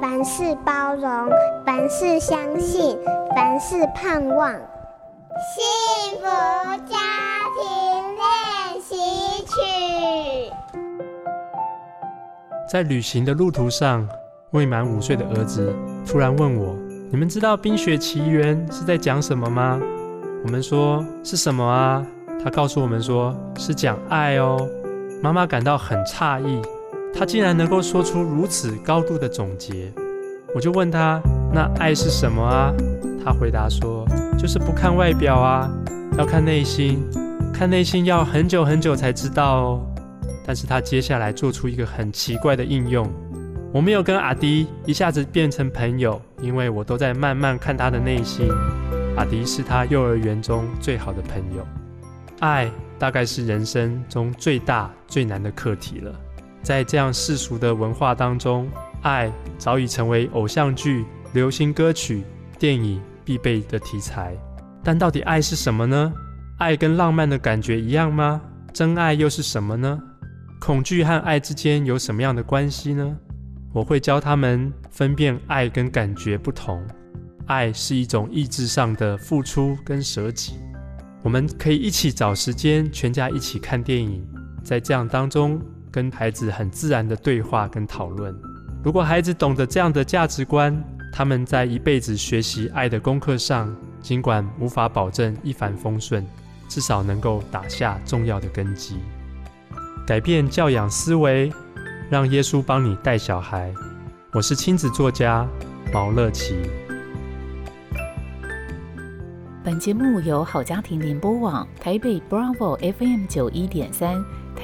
凡事包容，凡事相信，凡事盼望。幸福家庭練習曲。在旅行的路途上，未滿五歲的兒子突然問我：“你們知道《冰雪奇緣》是在講什麼嗎？”我們說：“是什麼啊？”他告訴我們說：“是講愛哦。”媽媽感到很詫異。他竟然能夠說出如此高度的總結，我就問他：“那愛是什麼啊？”他回答說：“就是不看外表啊，要看內心。看內心要很久很久才知道哦。”但是他接下來做出一個很奇怪的應用。我沒有跟阿迪一下子變成朋友，因為我都在慢慢看他的內心。阿迪是他幼兒園中最好的朋友。愛大概是人生中最大最難的課題了。在這樣世俗的文化當中，愛早已成為偶像劇、流行歌曲、電影必備的題材。但到底愛是什麼呢？愛跟浪漫的感覺一樣嗎？真愛又是什麼呢？恐懼和愛之間有什麼樣的關係呢？我會教他們分辨愛跟感覺不同。愛是一種意志上的付出跟捨己。我們可以一起找時間，全家一起看電影，在這樣當中。跟孩子很自然的對話跟討論，如果孩子懂得這樣的價值觀，他們在一輩子學習愛的功課上，儘管無法保證一帆風順，至少能夠打下重要的根基。改變教養思維，讓耶穌幫你帶小孩。我是親子作家毛樂祈。本節目由好家庭聯播網台北 Bravo FM 九一點三。